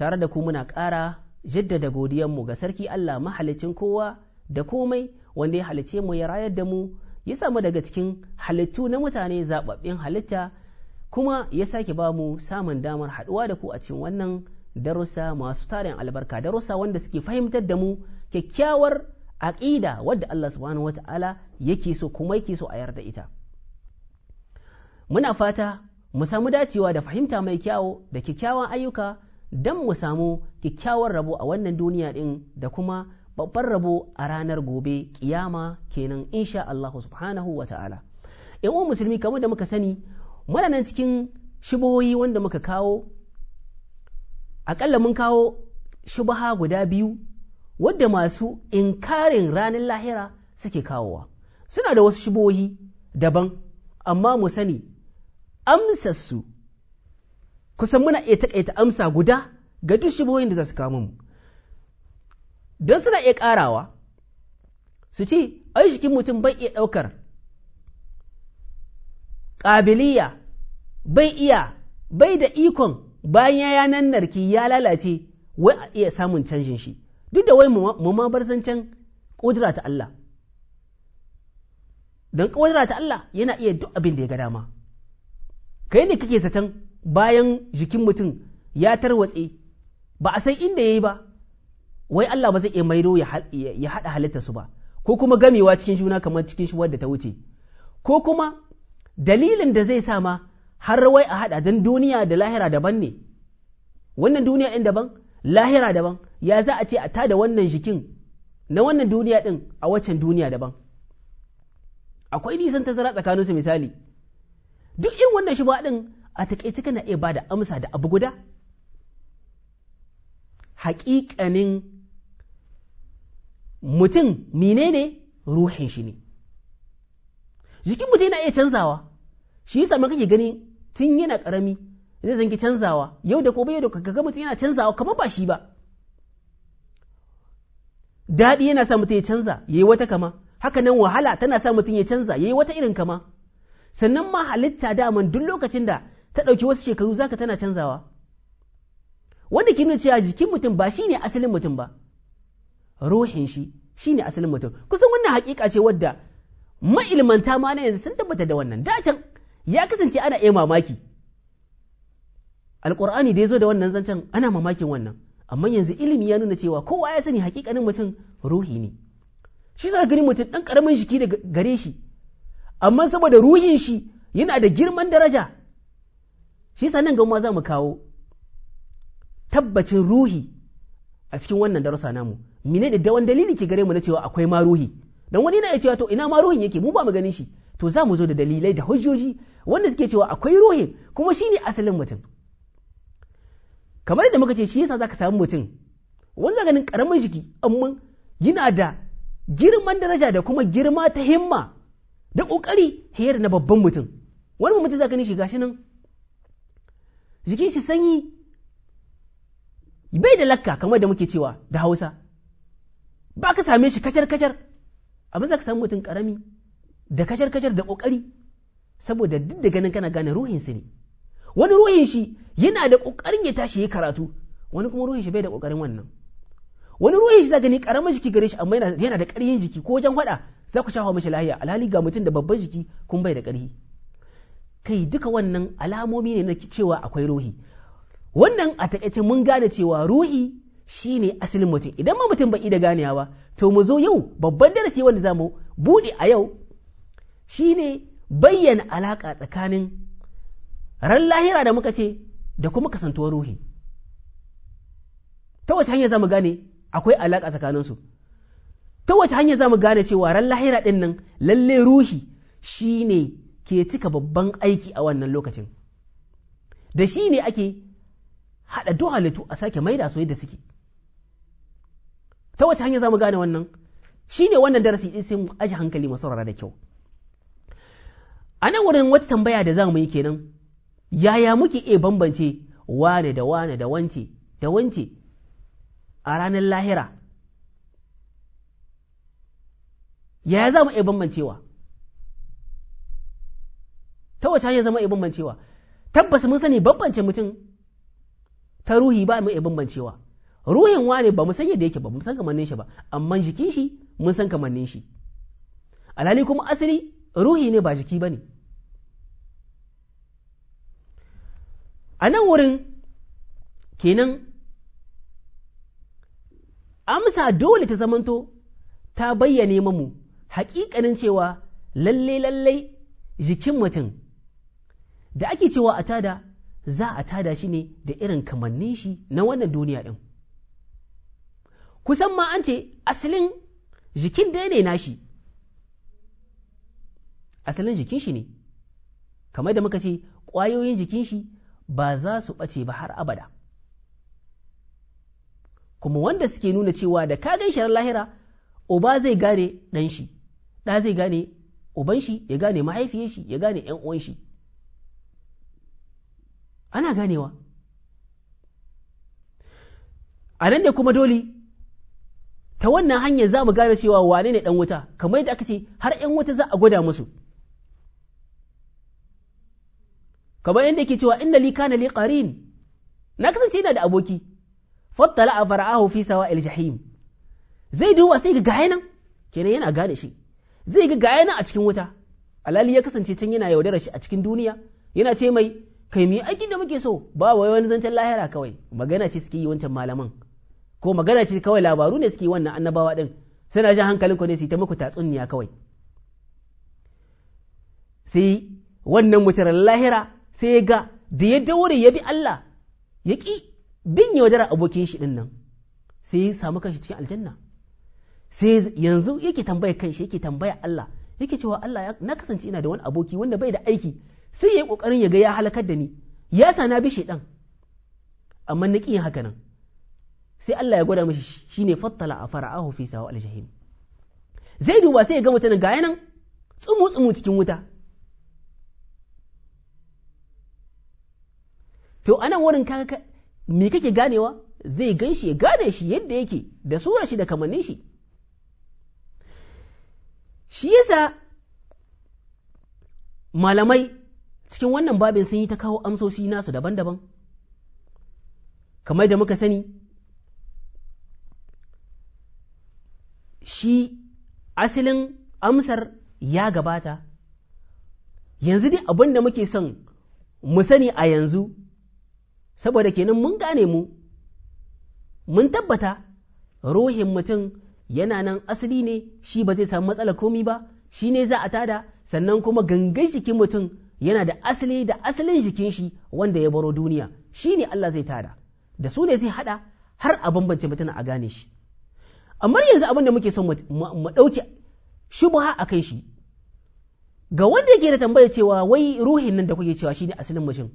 tare da ku muna ƙara jaddada godiyanmu ga sarki Allah mahalicin kowa da komai wanda ya halice mu ya rayar da mu ya samu daga cikin halittu na mutane zababbin halitta kuma ya sake ba mu samun damar haɗuwa da ku a cikin wannan darussa masu tarin albarka darussa wanda suke fahimtar da mu kyakkyawar aƙida wadda Allah subhanahu wata'ala yake so kuma yake so a yarda ita muna fata mu samu dacewa da fahimta mai kyawo da kyakkyawan ayyuka don mu samu kyakkyawar rabo a wannan duniya ɗin da kuma babban rabo a ranar gobe kiyama kenan insha Allah subhanahu wa ta'ala uwan musulmi kamar da muka sani muna nan cikin shibohi wanda muka kawo akalla mun kawo shubaha guda biyu wadda masu inkarin ranar lahira suke kawowa suna da wasu shibohi daban amma mu sani amsassu kusan muna iya taƙaita amsa guda ga duk shibohin da za su kawo mu don suna iya ƙarawa su ce ai mutum bai iya ɗaukar ƙabiliya bai iya bai da ikon bayan ya yanar narki ya lalace wai a iya samun canjin shi duk da wai mu ma bar zancen ƙudura ta Allah don ƙudura ta Allah yana iya duk abin da ya ga dama kai ne kake zaton bayan jikin mutum ya tarwatse ba a san inda ya yi ba wai Allah ba zai iya maido ya haɗa halittarsu ba ko kuma gamewa cikin juna kamar cikin shi wadda ta wuce ko kuma dalilin da zai sa ma har wai a haɗa don duniya da lahira daban ne wannan duniya ɗin daban lahira daban ya za a ce a tada wannan jikin na wannan duniya ɗin a waccan duniya daban akwai nisan tazara tsakaninsu misali duk irin wannan shi ɗin a taƙaice na iya ba da amsa da abu guda haƙiƙanin mutum mine ne ruhin shi ne jikin mutum yana iya canzawa shi yi sami kake gani tun yana ƙarami zai zangi canzawa yau da kobe yau da kaga mutum yana canzawa kamar ba shi ba daɗi yana sa mutum ya canza ya yi wata kama haka nan wahala tana sa mutum ya canza ya yi wata irin kama sannan ma halitta daman duk lokacin da ta ɗauki wasu shekaru zaka tana canzawa wanda ke nuna cewa jikin mutum ba shine asalin mutum ba ruhin shi shine asalin mutum kusan wannan hakika ce wadda ma'ilmanta ma na yanzu sun tabbata da wannan da can ya kasance ana iya mamaki Alƙur'ani da ya zo da wannan zancen ana mamakin wannan amma yanzu ilimi ya nuna cewa kowa ya sani hakikanin mutum ruhi ne shi sa gani mutum ɗan ƙaramin jiki da gare shi amma saboda ruhin shi yana da girman daraja shi yasa nan gama za mu kawo tabbacin ruhi a cikin wannan darussa namu mine da dawan dalili ke gare mu na cewa akwai ma ruhi dan wani na ya cewa to ina ma ruhin yake mu ba mu ganin shi to za mu zo da dalilai da hujjoji wanda suke cewa akwai ruhin kuma shine asalin mutum kamar yadda muka ce shi yasa zaka samu mutum wani zaka ganin karamin jiki amma yana da girman daraja da kuma girma ta himma da kokari hiyar na babban mutum wani mutum zaka ganin shi gashi nan jikin shi sanyi bai da lakka kamar da muke cewa da hausa ba ka same shi kacar-kacar abin za ka samu mutum karami da kacar-kacar da kokari saboda duk da ganin kana gane ruhinsa ne wani ruhin shi yana da ƙoƙarin ya tashi ya karatu wani kuma ruhin shi bai da ƙoƙarin wannan wani ruhin shi za gani karamin jiki gare shi amma yana da karyin jiki ko wajen hada za ku shafa mashi lahiya alhali ga mutum da babban jiki kun bai da karyi kai duka wannan alamomi ne na cewa akwai ruhi wannan a takaice mun gane cewa ruhi shine asalin mutum idan ma mutum bai da ganewa ba to mu zo yau babban darasi wanda zamu buɗe a yau shine bayyana alaka tsakanin ran lahira da muka ce da kuma kasantuwar ruhi ta wace hanya zamu gane akwai alaka su ta wace hanya zamu gane cewa ran lahira ɗinnan nan lalle ruhi shine ke cika babban aiki a wannan lokacin da shi ne ake haɗa duk halittu a sake maida su yadda suke ta wace hanya za mu gane wannan shi ne wannan darasi ɗin sai mu aji hankali mu saurara da kyau a nan wurin wata tambaya da za mu yi kenan yaya muke iya bambance wane da wane da wance da wance a ranar lahira yaya za mu iya bambancewa ta wace hanyar zama iya bambancewa tabbas mun sani bambance mutum ta ruhi ba mu iya bambancewa ruhin wane ba mu san yadda yake ba mu san kamannin shi ba amma jikin shi mun san kamannin shi alhali kuma asali ruhi ne ba jiki bane a nan wurin kenan amsa dole ta zamanto ta bayyane mamu hakikanin cewa lalle lalle jikin mutum da ake cewa a tada za a tada shi ne da irin kamannin shi na wannan duniya ɗin kusan ma an ce asalin jikin da ne nashi asalin jikin shi ne kamar da muka ce ƙwayoyin jikin shi ba za su ɓace ba har abada kuma wanda suke nuna cewa da ka gan shirar lahira uba zai gane ɗan shi ɗa zai gane uban shi ya gane mahaifiyar shi ya gane ‘yan uwan shi ana ganewa a nan ne kuma dole ta wannan hanyar za mu gane cewa wane ne ɗan wuta kamar yadda aka ce har ‘yan wuta za a gwada musu kamar yadda ke cewa inda li kana li qarin na kasance yana da aboki fattala a fara'ahu fi sawa il jahim zai duba sai ga gaya nan kenan yana gane shi zai ga gaya nan a cikin wuta alali ya kasance can yana yaudarar shi a cikin duniya yana ce mai kai mu aikin da muke so ba wai wani zancen lahira kawai magana ce suke yi wancan malaman ko magana ce kawai labaru ne suke wannan annabawa din suna jin hankalin ku ne su ta muku tatsuniya kawai sai wannan mutar lahira sai ga da ya daure ya bi Allah ya ki bin ya wadara abokin shi din nan sai ya samu kanshi cikin aljanna sai yanzu yake tambaya kanshi yake tambaya Allah yake cewa Allah na kasance ina da wani aboki wanda bai da aiki sai ya yi ƙoƙarin ya ga ya halakar da ni ya tana bi ɗan amma na yin haka nan sai Allah ya gwada mashi ne fattala a fara'ahu fi sawa aljahim zai duba sai ya ga mutum ga yanan tsumu tsumu cikin wuta to anan wurin kaga me kake ganewa zai gan ya gane shi yadda yake da sura shi da kamannin shi shi yasa malamai cikin wannan babin sun yi ta kawo amsoshi nasu daban-daban kamar da muka sani shi asalin amsar ya gabata yanzu dai abin da muke son mu sani a yanzu saboda kenan mun gane mu mun tabbata ruhin mutum yana nan asali ne shi ba zai samu matsala komi ba shi ne za a tada sannan kuma gangan jikin mutum yana da asali da asalin jikin shi wanda ya baro duniya shi ne Allah zai tada da su ne zai hada har a bambance mutum a gane shi amma yanzu abin da muke son mu ɗauke shubha a kai shi ga wanda yake da tambaya cewa wai ruhin nan da kuke cewa shine asalin mutum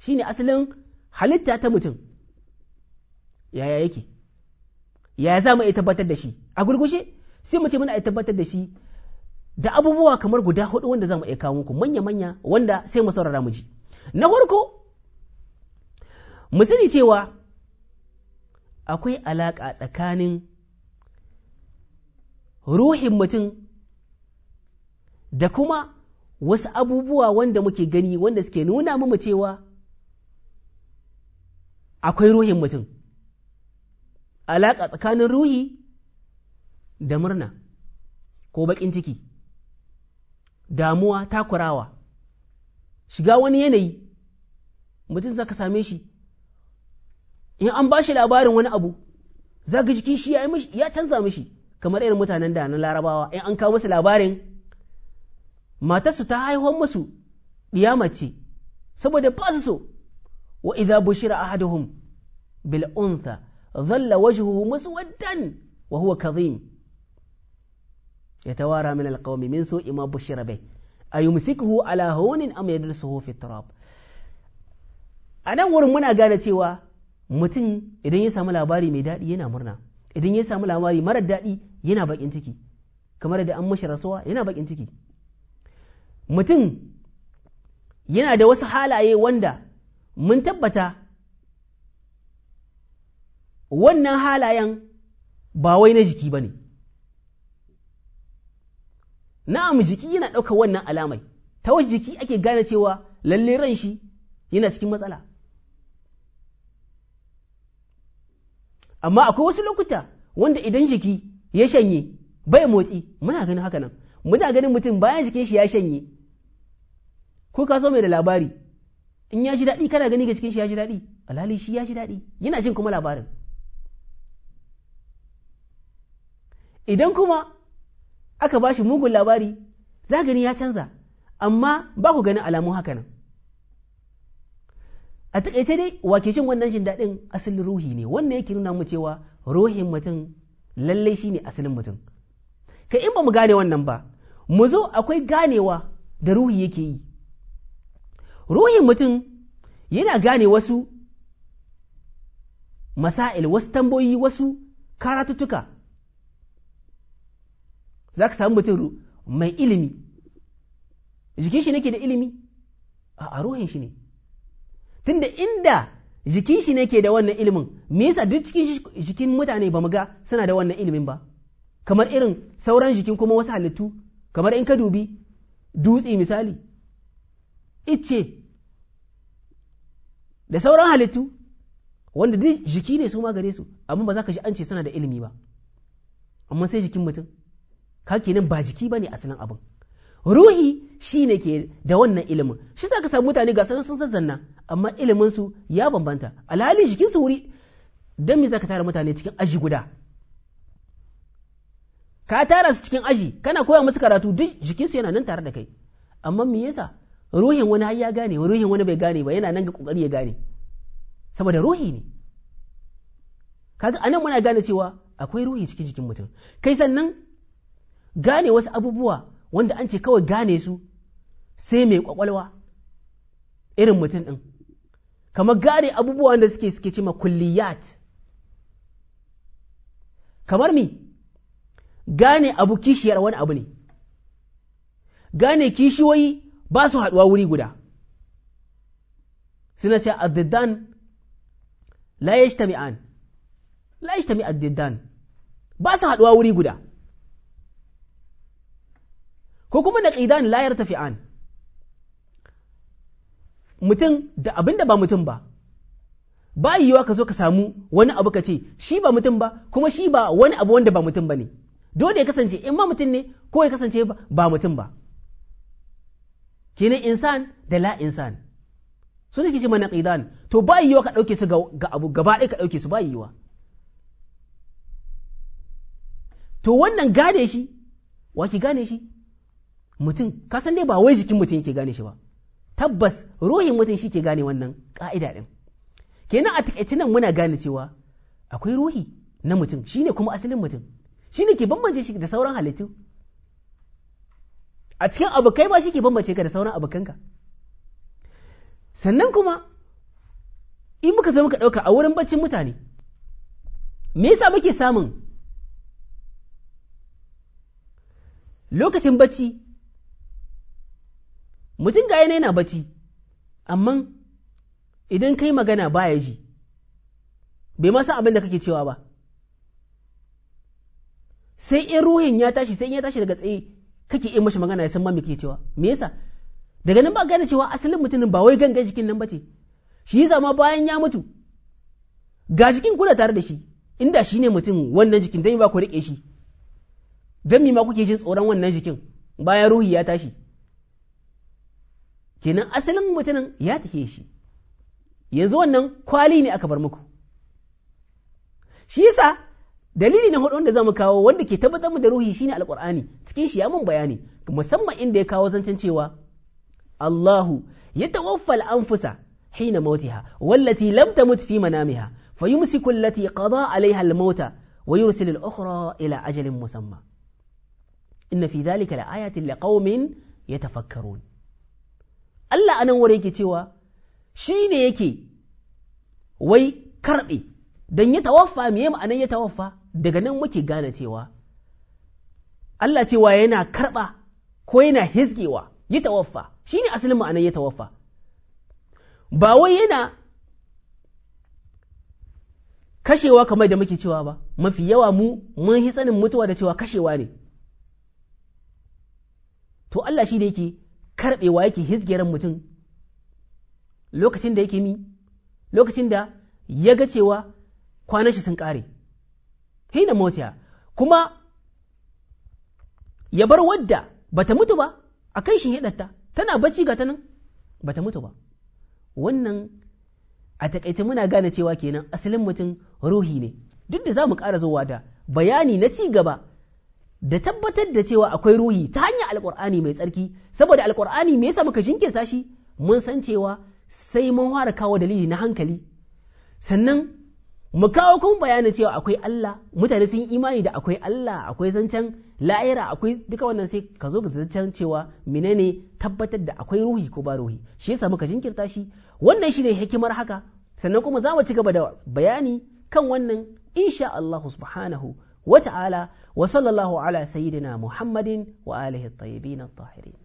shine asalin halitta ta mutum yaya yake yaya za mu iya tabbatar da shi a gurgushe sai mu ce muna iya tabbatar da shi da abubuwa kamar guda hudu wanda za mu iya kawo muku manya-manya wanda sai mu saurara mu ji na farko mu sani cewa akwai alaƙa tsakanin ruhin mutum da kuma wasu abubuwa wanda muke gani wanda suke nuna mu cewa akwai ruhin mutum alaƙa tsakanin ruhi da murna ko baƙin ciki damuwa takurawa shiga wani yanayi mutum zaka same shi in an ba shi labarin wani abu zaka jikin shi ya canza mishi kamar irin mutanen da na larabawa in an kawo masa labarin matarsu ta haihuwar musu ɗiyama ce saboda ba su so wa idza bushira ahaduhum bil untha dhalla wajhuhu muswaddan wa huwa kadhim yatawara min alqawmi min su'i ma bushirabe bai ayumsikuhu ala hawnin am yadrusuhu fi turab a nan wurin muna gane cewa mutum idan ya samu labari mai dadi yana murna idan ya samu labari marar dadi yana bakin ciki kamar da an mashi rasuwa yana bakin ciki mutum yana da wasu halaye wanda mun tabbata wannan halayen ba wai na jiki ba ne na'am jiki yana ɗaukar wannan alamai ta wajen jiki ake gane cewa lalle ran shi yana cikin matsala amma akwai wasu lokuta wanda idan jiki ya shanye bai motsi muna ganin haka nan muna ganin mutum bayan jikin shi ya shanye ko ka zo mai da labari in ya ji daɗi kana gani ga cikin shi ya ji daɗi alhali shi ya ji daɗi yana jin kuma labarin idan kuma aka ba shi mugun labari za ya canza amma ba ku ganin alamun haka nan a taƙaice dai wake shin wannan jin daɗin asalin ruhi ne wannan yake nuna mu cewa ruhin mutum lallai shine asalin mutum ka in ba mu gane wannan ba mu zo akwai ganewa da ruhi yake yi ruhin mutum yana gane wasu masa'il wasu tambayoyi, wasu karatuttuka za ka samu mutum mai ilimi jikin shi nake da ilimi a ruhin shi ne tunda inda jikin shi nake da wannan ilimin me yasa duk cikin jikin mutane ba mu ga suna da wannan ilimin ba kamar irin sauran jikin kuma wasu halittu kamar in ka dubi dutse misali icce da sauran halittu wanda duk jiki ne su ma gare su amma ba za ka ji an ce suna da ilimi ba amma sai jikin mutum ka ke nan ba jiki bane asalin abin ruhi shi ne ke da wannan ilimin shi ka samu mutane ga sanan sun zazzanna amma ilimin ya bambanta alhali jikinsu wuri don me ka tara mutane cikin aji guda ka tara su cikin aji kana koya musu karatu duk jikinsu yana nan tare da kai amma me yasa ruhin wani har ya gane ruhin wani bai gane ba yana nan ga kokari ya gane saboda ruhi ne kaga anan muna gane cewa akwai ruhi cikin jikin mutum kai sannan gane wasu abubuwa wanda an ce kawai gane su sai mai kwakwalwa irin mutum ɗin kamar gane abubuwa wanda suke suke ce ma kulliyat kamar mi gane abu kishiyar wani abu ne gane kishiyoyi ba su haɗuwa wuri guda suna ce addidan la yajtami'an la yajtami addidan ba su haɗuwa wuri guda ko kuma na ƙidan layar tafi an mutum da abin da ba mutum ba ba yiwuwa ka zo ka samu wani abu ka ce shi ba mutum ba kuma shi ba wani abu wanda ba mutum ba ne dole ya kasance in ma mutum ne ko ya kasance ba mutum ba kenan insan da la insan su ne kici mana ƙidan, to ba yiwuwa ka ɗauke su ga abu gaba ɗaya ka ɗauke su ba yiwuwa to wannan gane shi wa ki gane shi mutum ka san dai ba wai jikin mutum yake gane shi ba tabbas ruhin mutum shi ke gane wannan ka'ida din kenan a takaice nan muna gane cewa akwai ruhi na mutum shine kuma asalin mutum shine ke bambance shi da sauran halittu a cikin abokai ba shi ke bambance ka da sauran abokanka sannan kuma in muka zo muka ɗauka a wurin baccin mutane me yasa muke samun lokacin bacci mutum ga yana bacci amma idan kai magana baya ji bai ma san abin da kake cewa ba sai in ruhin ya tashi sai in ya tashi daga tsaye kake in mashi magana ya san ma me kake cewa me yasa daga nan ba gane cewa asalin mutumin ba wai gangan jikin nan bace shi yasa ma bayan ya mutu ga jikin kula tare da shi inda shi ne mutum wannan jikin dan ba ku rike shi dan me ma kuke jin tsoron wannan jikin bayan ruhi ya tashi kenan asalin mutumin ya take shi yanzu wannan kwali ne aka bar muku shi yasa dalili na hudu wanda zamu kawo wanda ke tabbatar mu da ruhi shine alqur'ani cikin shi ya mun bayani musamman inda ya kawo zancen cewa Allahu ya al-anfusa hina mautiha wallati lam tamut fi manamiha fayumsiku allati qada alaiha al wa yursil al-ukhra ila ajalin musamma inna fi dhalika la ayatin liqaumin yatafakkarun Allah anan wuri yake cewa shi ne yake wai karɓe don ya tawaffa me ma'anan ya tawaffa daga nan muke gane cewa Allah cewa yana karɓa ko yana hizgewa ya tawaffa shi ne asalin ma'anan ya tawaffa ba wai yana kashewa kamar da muke cewa ba mafi yawa mu mun hi sanin mutuwa da cewa kashewa ne to Allah shi ne yake karɓewa yake hizgeren mutum lokacin da yake mi lokacin da ya ga cewa kwanashi sun ƙare hina motiya kuma ya bar wadda bata mutu ba a kan shi ɗatta tana bacci ga ta nan bata mutu ba wannan a takaice muna gane cewa kenan asalin mutum ruhi ne duk da za mu ƙara zuwa da bayani na ci gaba da tabbatar da cewa akwai ruhi ta hanyar alkur'ani mai tsarki saboda alkur'ani me yasa muka jinkirta shi mun san cewa sai mun fara kawo dalili na hankali sannan mu kawo kuma bayanin cewa akwai Allah mutane sun imani da akwai Allah akwai zancen la'ira akwai duka wannan sai ka zo ka zancen cewa menene tabbatar da akwai ruhi ko ba ruhi shi yasa muka jinkirta shi wannan shine hikimar haka sannan kuma za mu ci gaba da bayani kan wannan insha Allah subhanahu wa ta'ala wa sallallahu ala sayyidina Muhammadin wa alihi at-tayyibin at